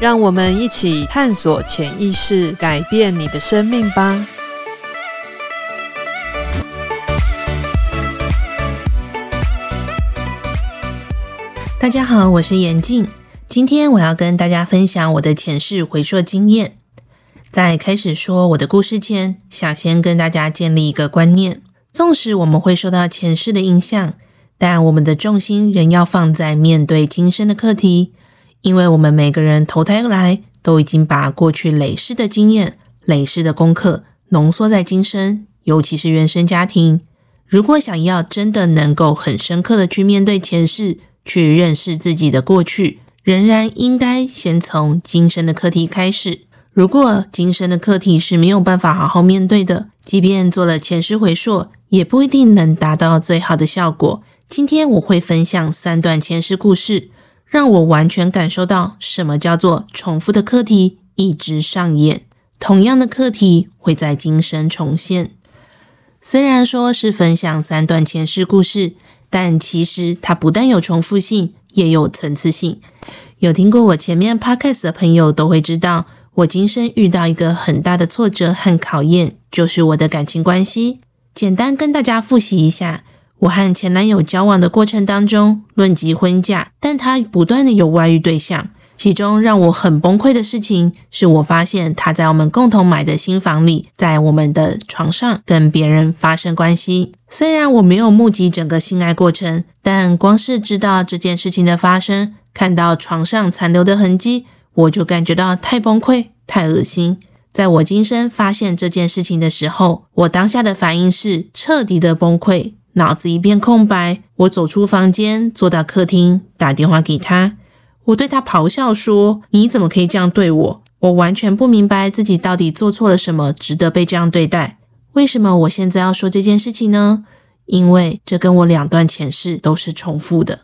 讓我們一起探索潛意識，改變你的生命吧！大家好，我是妍靜，今天我要跟大家分享我的前世回溯經驗。在開始說我的故事前，想先跟大家建立一個觀念：縱使我們會受到前世的影響，但我們的重心仍要放在面對今生的課題。因為我們每個人投胎來都已經把過去累世的經驗、累世的功課濃縮在今生，尤其是原生家庭。如果想要真的能夠很深刻的去面對前世，去認識自己的過去，仍然應該先從今生的課題開始。如果今生的課題是沒有辦法好好面對的，即便做了前世回溯，也不一定能達到最好的效果。今天我會分享三段前世故事。讓我完全感受到什麼叫做重複的課題一直上演，同樣的課題會在今生重現。雖然說是分享三段前世故事，但其實它不但有重複性，也有層次性。有聽過我前面 podcast 的朋友都會知道，我今生遇到一個很大的挫折和考驗，就是我的感情關係。簡單跟大家複習一下。我和前男友交往的過程當中，論及婚嫁，但他不斷的有外遇對象。其中讓我很崩潰的事情，是我發現他在我們共同買的新房裡，在我們的床上跟別人發生關係。雖然我沒有目擊整個性愛過程，但光是知道這件事情的發生，看到床上殘留的痕跡，我就感覺到太崩潰、太惡心。在我今生發現這件事情的時候，我當下的反應是徹底的崩潰。腦子一片空白，我走出房間，坐到客廳，打電話給他。我對他咆哮說：“你怎麼可以這樣對我？”我完全不明白自己到底做錯了什麼，值得被這樣對待。為什麼我現在要說這件事情呢？因為這跟我兩段前世都是重複的。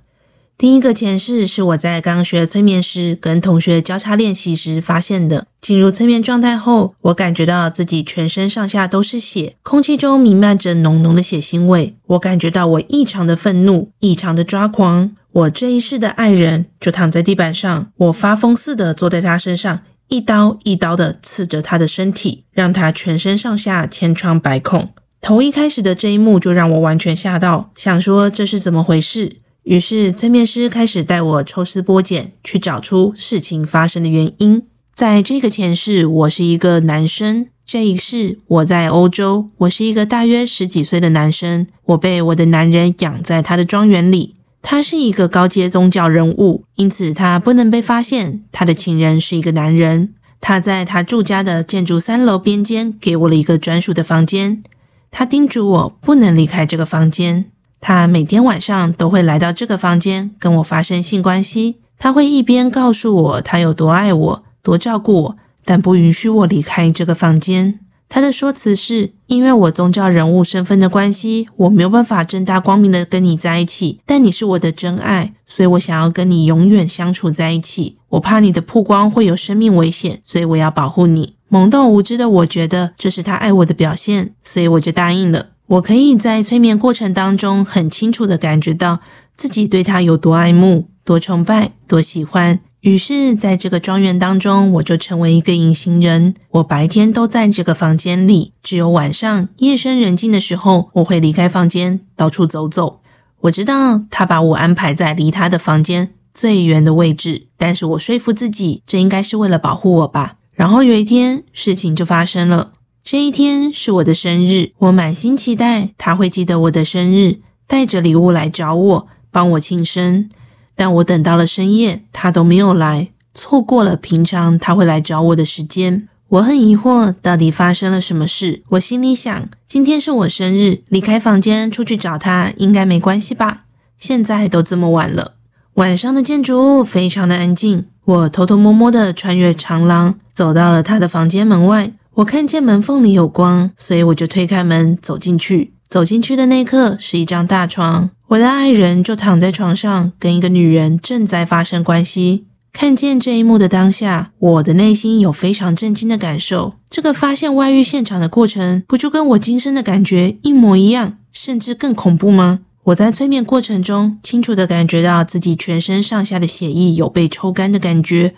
第一個前世是我在剛學催眠時跟同學交叉練習時發現的。進入催眠狀態後，我感覺到自己全身上下都是血，空氣中彌漫着濃濃的血腥味。我感覺到我異常的憤怒，異常的抓狂。我這一世的愛人就躺在地板上，我發瘋似的坐在他身上，一刀一刀的刺着他的身體，讓他全身上下千瘡百孔。頭一開始的這一幕就讓我完全嚇到，想說這是怎麼回事？於是催眠師開始帶我抽絲剝繭，去找出事情發生的原因。在這個前世，我是一個男生；這一世，我在歐洲，我是一個大約十幾歲的男生。我被我的男人養在他的莊園裡，他是一個高階宗教人物，因此他不能被發現。他的情人是一個男人，他在他住家的建築三樓邊間給我了一個專屬的房間，他叮囑我不能離開這個房間。他每天晚上都會來到這個房間跟我發生性關係。他會一邊告訴我他有多愛我、多照顧我，但不允許我離開這個房間。他的說辭是因為我宗教人物身份的關係，我沒有辦法正大光明的跟你在一起。但你是我的真愛，所以我想要跟你永遠相處在一起。我怕你的曝光會有生命危險，所以我要保護你。懵懂無知的我覺得這是他愛我的表現，所以我就答應了。我可以在催眠過程當中很清楚的感覺到自己對他有多愛慕、多崇拜、多喜歡。於是，在這個莊園當中，我就成為一個隱形人。我白天都在這個房間裡，只有晚上夜深人靜的時候，我會離開房間，到處走走。我知道他把我安排在離他的房間最遠的位置，但是我說服自己，這應該是為了保護我吧。然後有一天，事情就發生了。這一天是我的生日，我滿心期待他會記得我的生日，帶着禮物來找我，幫我慶生。但我等到了深夜，他都沒有來，錯過了平常他會來找我的時間。我很疑惑，到底發生了什麼事？我心裡想，今天是我生日，離開房間出去找他應該沒關係吧？現在都這麼晚了，晚上的建築物非常的安靜，我偷偷摸摸的穿越長廊，走到了他的房間門外。我看見門縫裡有光，所以我就推開門走進去。走進去的那刻，是一張大床，我的愛人就躺在床上，跟一個女人正在發生關係。看見這一幕的當下，我的內心有非常震驚的感受。這個發現外遇現場的過程，不就跟我今生的感覺一模一樣，甚至更恐怖嗎？我在催眠過程中，清楚地感覺到自己全身上下的血液有被抽乾的感覺。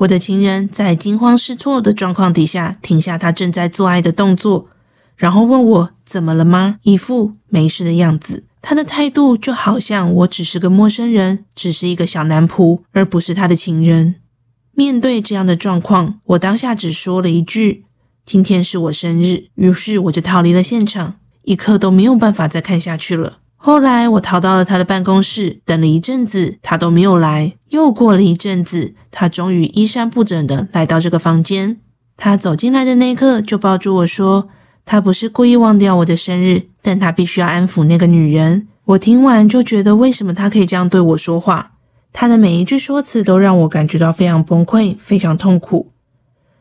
我的情人在驚慌失措的狀況底下停下他正在做愛的動作，然後問我怎麼了嗎？一副沒事的樣子。他的態度就好像我只是個陌生人，只是一個小男僕，而不是他的情人。面對這樣的狀況，我當下只說了一句：“今天是我生日。”於是我就逃離了現場，一刻都沒有辦法再看下去了。後來我逃到了他的辦公室，等了一陣子，他都沒有來。又過了一陣子，他終於衣衫不整的來到這個房間。他走進來的那一刻，就抱住我說：“他不是故意忘掉我的生日，但他必須要安撫那個女人。”我聽完就覺得，為什麼他可以這樣對我說話？他的每一句說辭都讓我感覺到非常崩潰，非常痛苦。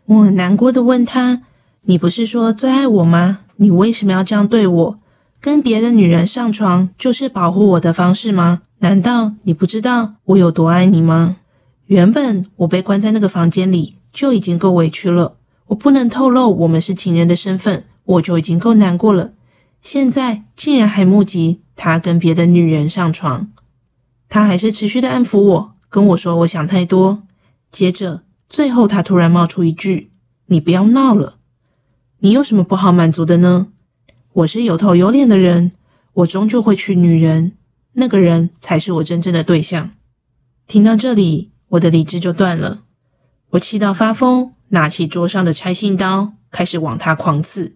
我很難過的問他：“你不是說最愛我嗎？你為什麼要這樣對我？”跟別的女人上床就是保護我的方式嗎？難道你不知道我有多愛你嗎？原本我被關在那個房間裡就已經夠委屈了，我不能透露我們是情人的身份，我就已經夠難過了。現在竟然還目擊他跟別的女人上床，他還是持續的安撫我，跟我說我想太多。接着最後他突然冒出一句：“你不要鬧了，你有什麼不好滿足的呢？”我是有頭有臉的人，我終究會娶女人，那個人才是我真正的對象。聽到這裡，我的理智就斷了，我氣到發瘋，拿起桌上的拆信刀，開始往他狂刺，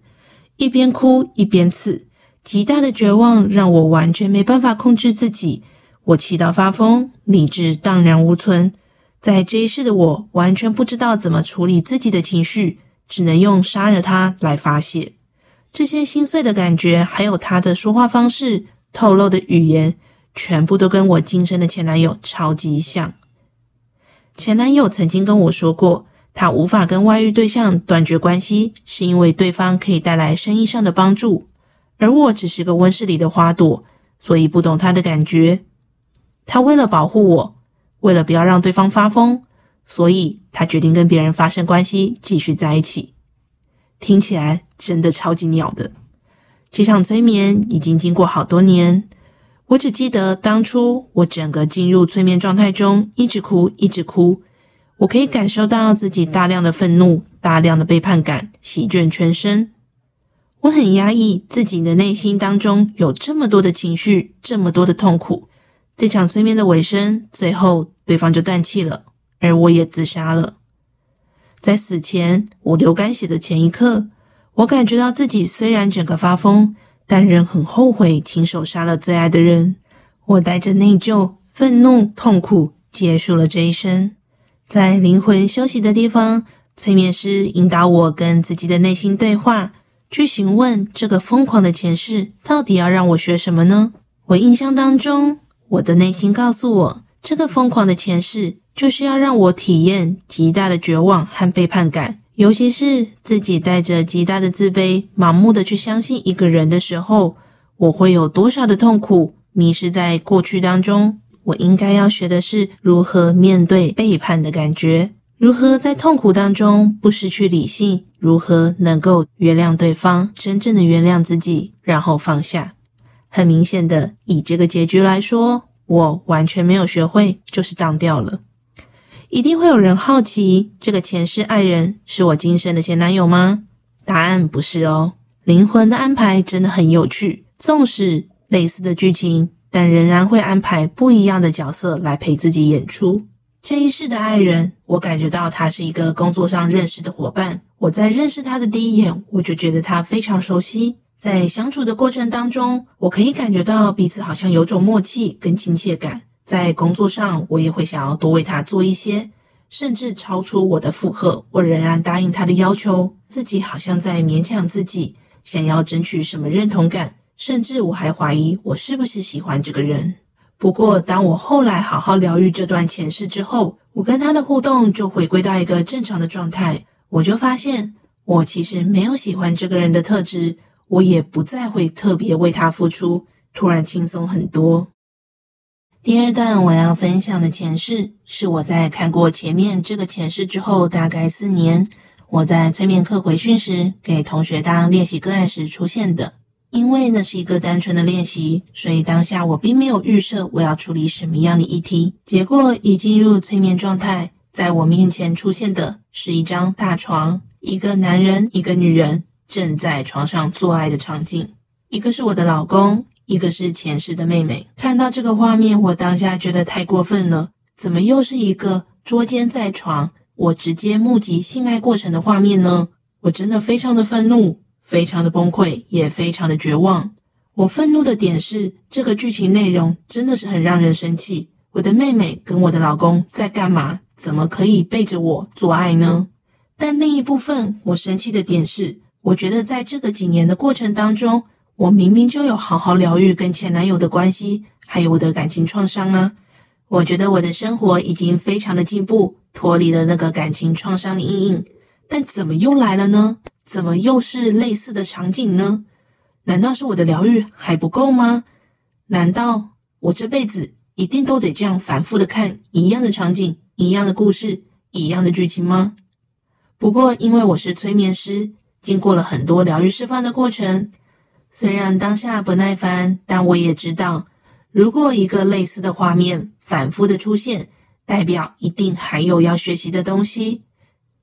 一邊哭一邊刺，極大的絕望讓我完全沒辦法控制自己。我氣到發瘋，理智蕩然無存，在這一世的我完全不知道怎麼處理自己的情緒，只能用殺了他來發洩。這些心碎的感覺，還有他的說話方式、透露的語言，全部都跟我今生的前男友超級像。前男友曾經跟我說過，他無法跟外遇對象斷絕關係，是因為對方可以帶來生意上的幫助，而我只是個溫室裡的花朵，所以不懂他的感覺。他為了保護我，為了不要讓對方發瘋，所以他決定跟別人發生關係，繼續在一起。聽起來，真的超級鳥的，這場催眠已經經過好多年，我只記得當初我整個進入催眠狀態中，一直哭一直哭，我可以感受到自己大量的憤怒、大量的背叛感席捲全身，我很壓抑自己的內心當中有這麼多的情緒、這麼多的痛苦。這場催眠的尾聲，最後對方就斷氣了，而我也自殺了，在死前我流乾血的前一刻。我感覺到自己雖然整個發瘋，但仍很後悔親手殺了最愛的人。我帶着內疚、憤怒、痛苦，結束了這一生。在靈魂休息的地方，催眠師引導我跟自己的內心對話，去詢問這個瘋狂的前世到底要讓我學什麼呢？我印象當中，我的內心告訴我，這個瘋狂的前世就是要讓我體驗極大的絕望和背叛感。尤其是自己帶着極大的自卑，盲目的去相信一個人的時候，我會有多少的痛苦，迷失在過去當中。我應該要學的是如何面對背叛的感覺，如何在痛苦當中不失去理性，如何能夠原諒對方，真正的原諒自己，然後放下。很明顯的，以這個結局來說，我完全沒有學會，就是當掉了。一定會有人好奇，這個前世愛人是我今生的前男友嗎？答案不是哦。靈魂的安排真的很有趣，縱使類似的劇情，但仍然會安排不一樣的角色來陪自己演出。這一世的愛人，我感覺到他是一個工作上認識的伙伴。我在認識他的第一眼，我就覺得他非常熟悉。在相處的過程當中，我可以感覺到彼此好像有種默契跟親切感。在工作上，我也會想要多為他做一些，甚至超出我的負荷。我仍然答應他的要求，自己好像在勉強自己，想要爭取什麼認同感。甚至我還懷疑我是不是喜歡這個人。不過，當我後來好好療癒這段前世之後，我跟他的互動就回歸到一個正常的狀態。我就發現，我其實沒有喜歡這個人的特質，我也不再會特別為他付出，突然輕鬆很多。第二段我要分享的前世，是我在看過前面這個前世之後，大概四年，我在催眠課回訓時給同學當練習個案時出現的。因為那是一個單純的練習，所以當下我並沒有預設我要處理什麼樣的議題。結果一進入催眠狀態，在我面前出現的是一張大床，一個男人，一個女人正在床上做愛的場景，一個是我的老公，一個是前世的妹妹，看到這個畫面，我當下覺得太過分了。怎麼又是一個捉姦在床，我直接目擊性愛過程的畫面呢？我真的非常的憤怒，非常的崩潰，也非常的絕望。我憤怒的點是，這個劇情內容真的是很讓人生氣。我的妹妹跟我的老公在幹嘛？怎麼可以背着我做愛呢？但另一部分我生氣的點是，我覺得在這個幾年的過程當中。我明明就有好好療癒跟前男友的關係，還有我的感情創傷啊！我覺得我的生活已經非常的進步，脫離了那個感情創傷的陰影，但怎麼又來了呢？怎麼又是類似的場景呢？難道是我的療癒還不夠嗎？難道我這輩子一定都得這樣反覆的看一樣的場景、一樣的故事、一樣的劇情嗎？不過，因為我是催眠師，經過了很多療癒釋放的過程。雖然當下不耐煩，但我也知道，如果一個類似的畫面反復的出現，代表一定還有要學習的東西。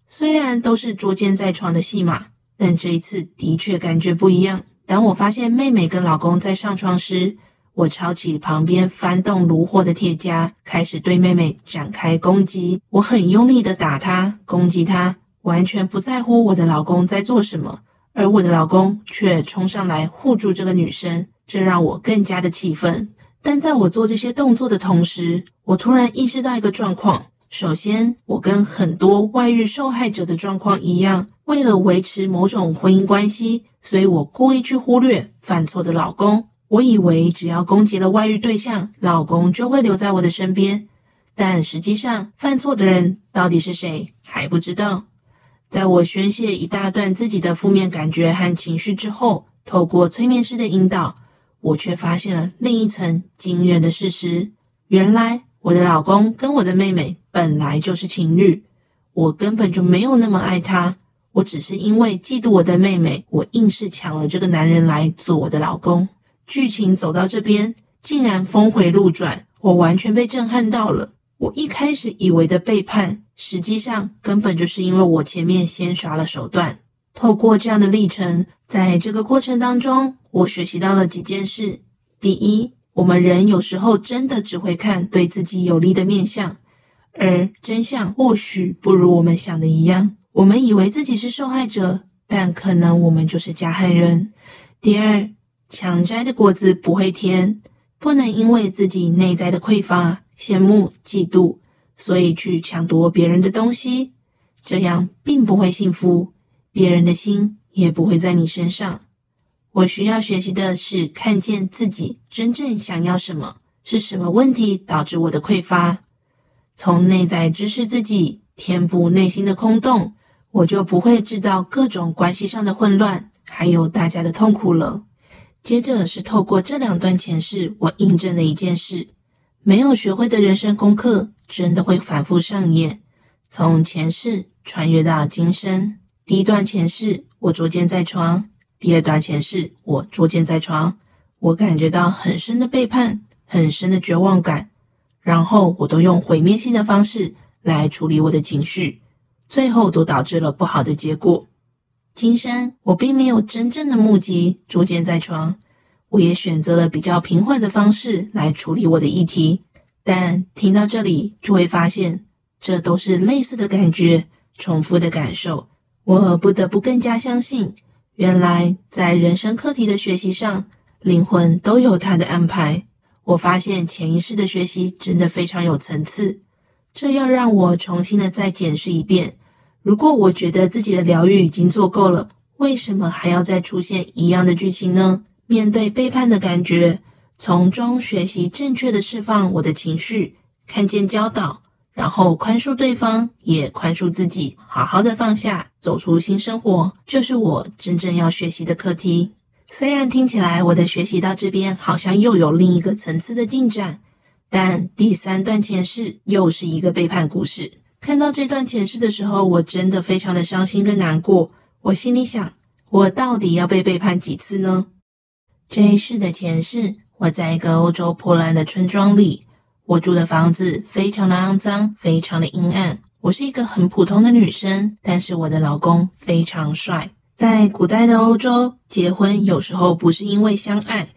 雖然都是捉姦在床的戲碼，但這一次的確感覺不一樣。當我發現妹妹跟老公在上床時，我抄起旁邊翻動爐火的鐵夾，開始對妹妹展開攻擊。我很用力的打她，攻擊她，完全不在乎我的老公在做什麼。而我的老公卻衝上來護住這個女生，這讓我更加的氣憤。但在我做這些動作的同時，我突然意識到一個狀況。首先，我跟很多外遇受害者的狀況一樣，為了維持某種婚姻關係，所以我故意去忽略犯錯的老公。我以為只要攻擊了外遇對象，老公就會留在我的身邊。但實際上，犯錯的人到底是誰還不知道。在我宣洩一大段自己的負面感覺和情緒之後，透過催眠師的引導，我卻發現了另一層驚人的事實：原來我的老公跟我的妹妹本來就是情侶，我根本就沒有那麼愛他，我只是因為嫉妒我的妹妹，我硬是搶了這個男人來做我的老公。劇情走到這邊，竟然峰回路轉，我完全被震撼到了。我一開始以為的背叛，實際上根本就是因為我前面先耍了手段。透過這樣的歷程，在這個過程當中，我學習到了幾件事：第一，我們人有時候真的只會看對自己有利的面相，而真相或許不如我們想的一樣。我們以為自己是受害者，但可能我們就是加害人。第二，強摘的果子不會甜。不能因為自己內在的匱乏、羨慕、嫉妒，所以去搶奪別人的東西，這樣並不會幸福，別人的心也不會在你身上。我需要學習的是看見自己真正想要什麼，是什麼問題導致我的匱乏。從內在支持自己，填補內心的空洞，我就不會製造各種關係上的混亂，還有大家的痛苦了。接着是透過這兩段前世，我印證了一件事：沒有學會的人生功課，真的會反覆上演。從前世穿越到今生，第一段前世我捉姦在床，第二段前世我捉姦在床，我感覺到很深的背叛，很深的絕望感，然後我都用毀滅性的方式來處理我的情緒，最後都導致了不好的結果。今生我並沒有真正的目擊捉姦在床，我也選擇了比較平緩的方式來處理我的議題。但聽到這裡，就會發現這都是類似的感覺，重複的感受。我不得不更加相信，原來在人生課題的學習上，靈魂都有它的安排。我發現潛意識的學習真的非常有層次，這要讓我重新的再檢視一遍。如果我覺得自己的療癒已經做夠了，為什麼還要再出現一樣的劇情呢？面對背叛的感覺，從中學習正確的釋放我的情緒，看見教導，然後寬恕對方，也寬恕自己，好好的放下，走出新生活，就是我真正要學習的課題。雖然聽起來我的學習到這邊好像又有另一個層次的進展，但第三段前世又是一個背叛故事。看到這段前世的時候，我真的非常的傷心跟難過。我心裡想，我到底要被背叛幾次呢？這一世的前世，我在一個歐洲破爛的村莊裡，我住的房子非常的骯髒，非常的陰暗。我是一個很普通的女生，但是我的老公非常帥。在古代的歐洲，結婚有時候不是因為相愛。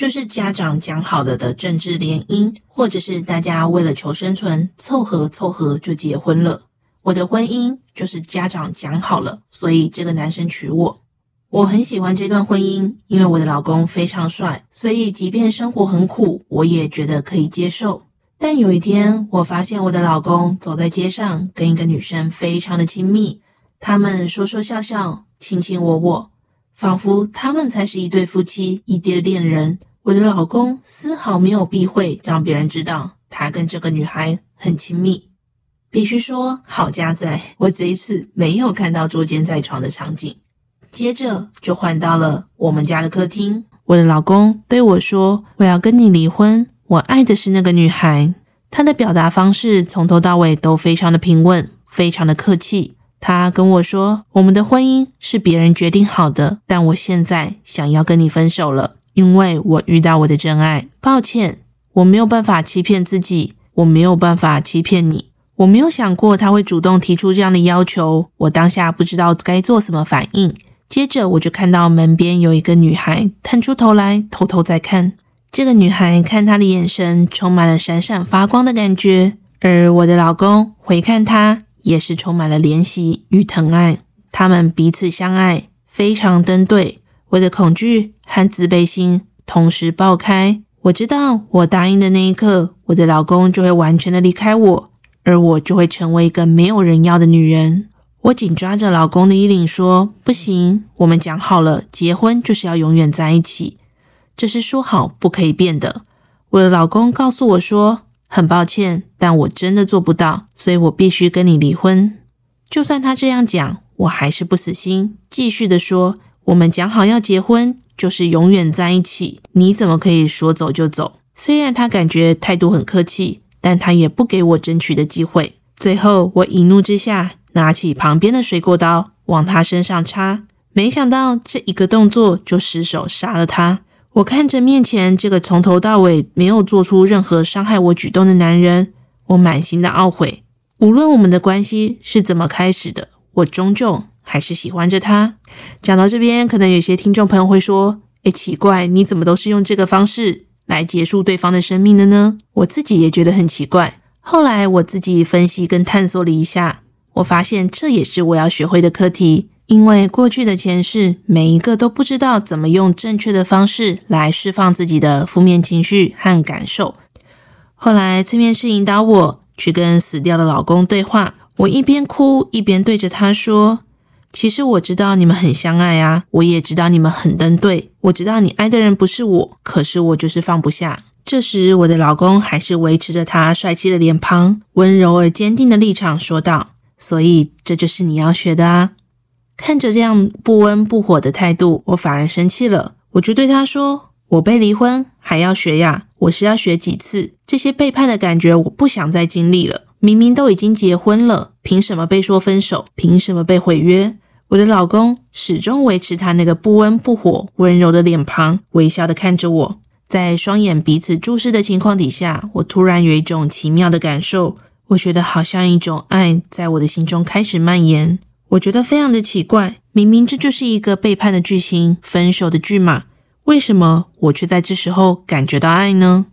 就是家長講好了的政治聯姻，或者是大家為了求生存湊合湊合就結婚了。我的婚姻就是家長講好了，所以這個男生娶我。我很喜歡這段婚姻，因為我的老公非常帥，所以即便生活很苦，我也覺得可以接受。但有一天，我發現我的老公走在街上，跟一個女生非常的親密，他們說說笑笑，卿卿我我，仿佛他們才是一對夫妻，一對戀人。我的老公絲毫沒有避諱，讓別人知道他跟這個女孩很親密。必須說，好家在，我這一次沒有看到捉姦在床的場景。接着就換到了我們家的客廳，我的老公對我說：“我要跟你離婚，我愛的是那個女孩。”他的表達方式從頭到尾都非常的平穩，非常的客氣。他跟我說：“我們的婚姻是別人決定好的，但我現在想要跟你分手了。”因為我遇到我的真愛，抱歉，我沒有辦法欺騙自己，我沒有辦法欺騙你，我沒有想過他會主動提出這樣的要求，我當下不知道該做什麼反應。接着我就看到門邊有一個女孩探出頭來，偷偷在看。這個女孩看她的眼神充滿了閃閃發光的感覺，而我的老公回看她也是充滿了憐惜與疼愛，他們彼此相愛，非常登對。我的恐懼和自卑心同時爆開。我知道，我答應的那一刻，我的老公就會完全的離開我，而我就會成為一個沒有人要的女人。我緊抓着老公的衣領說：“不行，我們講好了，結婚就是要永遠在一起，這是說好不可以變的。”我的老公告訴我說：“很抱歉，但我真的做不到，所以我必須跟你離婚。”就算他這樣講，我還是不死心，繼續的說。我們講好要結婚，就是永遠在一起。你怎麼可以說走就走？雖然他感覺態度很客氣，但他也不給我爭取的機會。最後我一怒之下，拿起旁邊的水果刀往他身上插。沒想到這一個動作就失手殺了他。我看着面前這個從頭到尾沒有做出任何傷害我舉動的男人，我滿心的懊悔。無論我們的關係是怎麼開始的，我終究，還是喜歡着他。講到這邊，可能有些聽眾朋友會說：“誒，奇怪，你怎麼都是用這個方式來結束對方的生命的呢？”我自己也覺得很奇怪。後來我自己分析跟探索了一下，我發現這也是我要學會的課題。因為過去的前世，每一個都不知道怎麼用正確的方式來釋放自己的負面情緒和感受。後來，催眠師引導我去跟死掉的老公對話，我一邊哭一邊對着他說。其實我知道你們很相愛啊，我也知道你們很登對。我知道你愛的人不是我，可是我就是放不下。這時，我的老公還是維持着他帥氣的臉龐，溫柔而堅定的立場，說道：“所以這就是你要學的啊。”看着這樣不溫不火的態度，我反而生氣了。我就對他說：“我被離婚還要學呀？我是要學幾次？這些背叛的感覺我不想再經歷了。明明都已經結婚了，憑什麼被說分手？憑什麼被毀約？”我的老公始終維持他那個不溫不火、溫柔的臉龐，微笑地看着我。在雙眼彼此注視的情況底下，我突然有一種奇妙的感受，我覺得好像一種愛在我的心中開始蔓延。我覺得非常的奇怪，明明這就是一個背叛的劇情、分手的劇碼，為什麼我卻在這時候感覺到愛呢？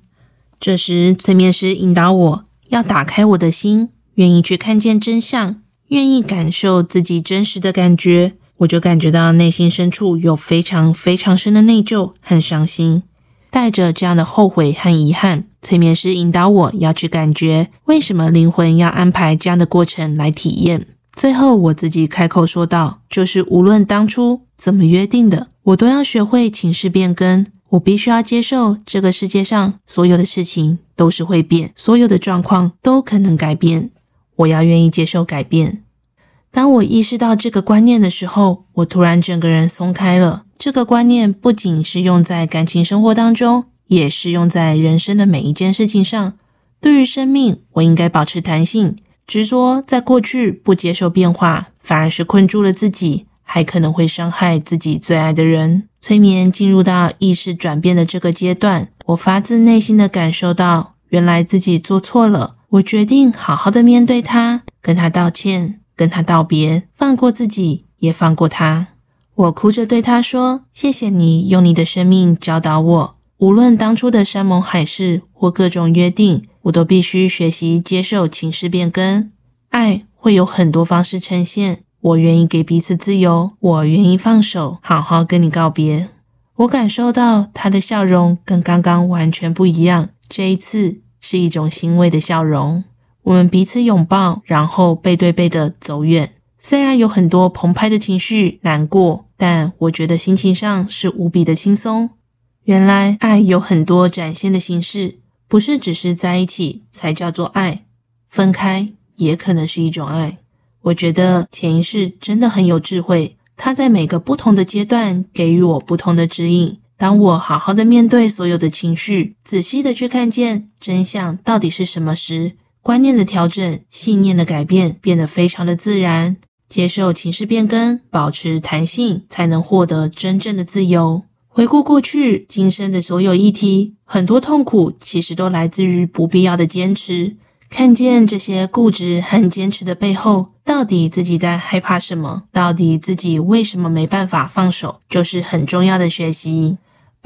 這時，催眠師引導我要打開我的心，願意去看見真相。願意感受自己真實的感覺，我就感覺到內心深處有非常非常深的內疚和傷心。帶着這樣的後悔和遺憾，催眠師引導我要去感覺為什麼靈魂要安排這樣的過程來體驗。最後我自己開口說道：“就是無論當初怎麼約定的，我都要學會情勢變更。我必須要接受這個世界上所有的事情都是會變，所有的狀況都可能改變。”我要願意接受改變。當我意識到這個觀念的時候，我突然整個人鬆開了。這個觀念不僅是用在感情生活當中，也是用在人生的每一件事情上。對於生命，我應該保持彈性。執着在過去，不接受變化，反而是困住了自己，還可能會傷害自己最愛的人。催眠進入到意識轉變的這個階段，我發自內心的感受到，原來自己做錯了。我決定好好的面對他，跟他道歉，跟他道別，放過自己，也放過他。我哭着對他說：“謝謝你用你的生命教導我，無論當初的山盟海誓或各種約定，我都必須學習接受情勢變更。愛會有很多方式呈現，我願意給彼此自由，我願意放手，好好跟你告別。”我感受到他的笑容跟剛剛完全不一樣，這一次。是一種欣慰的笑容，我們彼此擁抱，然後背對背的走遠。雖然有很多澎湃的情緒，難過，但我覺得心情上是無比的輕鬆。原來愛有很多展現的形式，不是只是在一起才叫做愛，分開也可能是一種愛。我覺得潛意識真的很有智慧，它在每個不同的階段給予我不同的指引。當我好好的面對所有的情緒，仔細的去看見真相到底是什麼時，觀念的調整、信念的改變變得非常的自然。接受情緒變更，保持彈性，才能獲得真正的自由。回顧過去今生的所有議題，很多痛苦其實都來自於不必要的堅持。看見這些固執和堅持的背後，到底自己在害怕什麼？到底自己為什麼沒辦法放手？就是很重要的學習。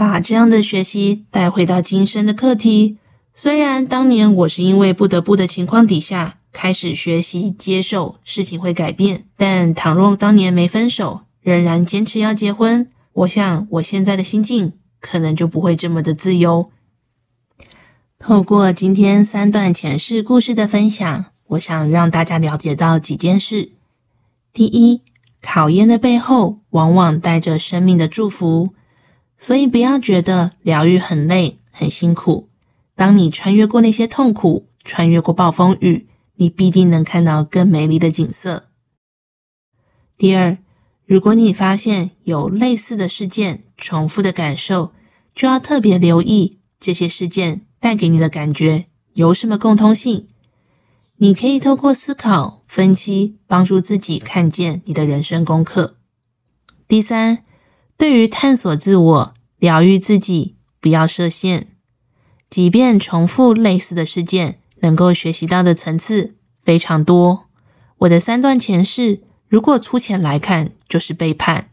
把這樣的學習帶回到今生的課題。雖然當年我是因為不得不的情況底下開始學習接受事情會改變，但倘若當年沒分手，仍然堅持要結婚，我想我現在的心境可能就不會這麼的自由。透過今天三段前世故事的分享，我想讓大家了解到幾件事。第一，考驗的背後往往帶着生命的祝福。所以不要覺得療癒很累很辛苦。當你穿越過那些痛苦，穿越過暴風雨，你必定能看到更美麗的景色。第二，如果你發現有類似的事件、重複的感受，就要特別留意這些事件帶給你的感覺有什麼共通性。你可以透過思考分析，幫助自己看見你的人生功課。第三，對於探索自我、療癒自己，不要設限。即便重複類似的事件，能夠學習到的層次非常多。我的三段前世，如果粗淺來看，就是背叛；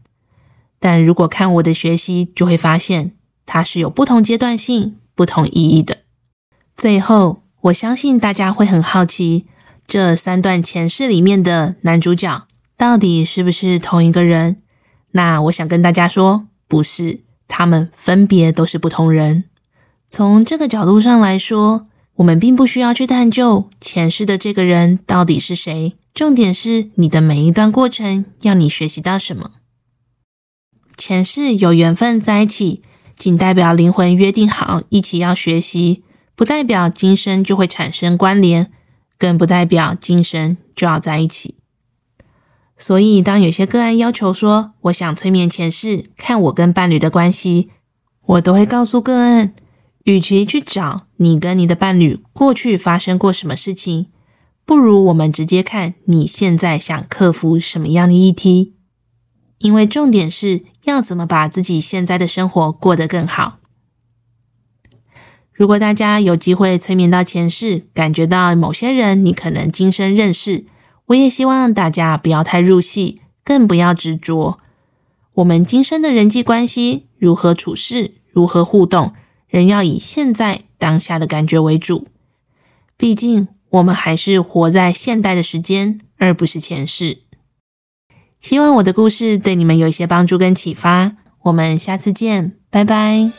但如果看我的學習，就會發現它是有不同階段性、不同意義的。最後，我相信大家會很好奇，這三段前世裡面的男主角到底是不是同一個人？那我想跟大家說，不是，他們分別都是不同人。從這個角度上來說，我們並不需要去探究前世的這個人到底是誰。重點是你的每一段過程要你學習到什麼。前世有緣分在一起，僅代表靈魂約定好一起要學習，不代表今生就會產生關聯，更不代表今生就要在一起。所以，當有些個案要求說“我想催眠前世，看我跟伴侶的關係”，我都會告訴個案，與其去找你跟你的伴侶過去發生過什麼事情，不如我們直接看你現在想克服什麼樣的議題。因為重點是要怎麼把自己現在的生活過得更好。如果大家有機會催眠到前世，感覺到某些人，你可能今生認識。我也希望大家不要太入戲，更不要執着。我們今生的人際關係如何處事、如何互動，仍要以現在當下的感覺為主。畢竟我們還是活在現代的時間，而不是前世。希望我的故事對你們有一些幫助跟啟發。我們下次見，拜拜。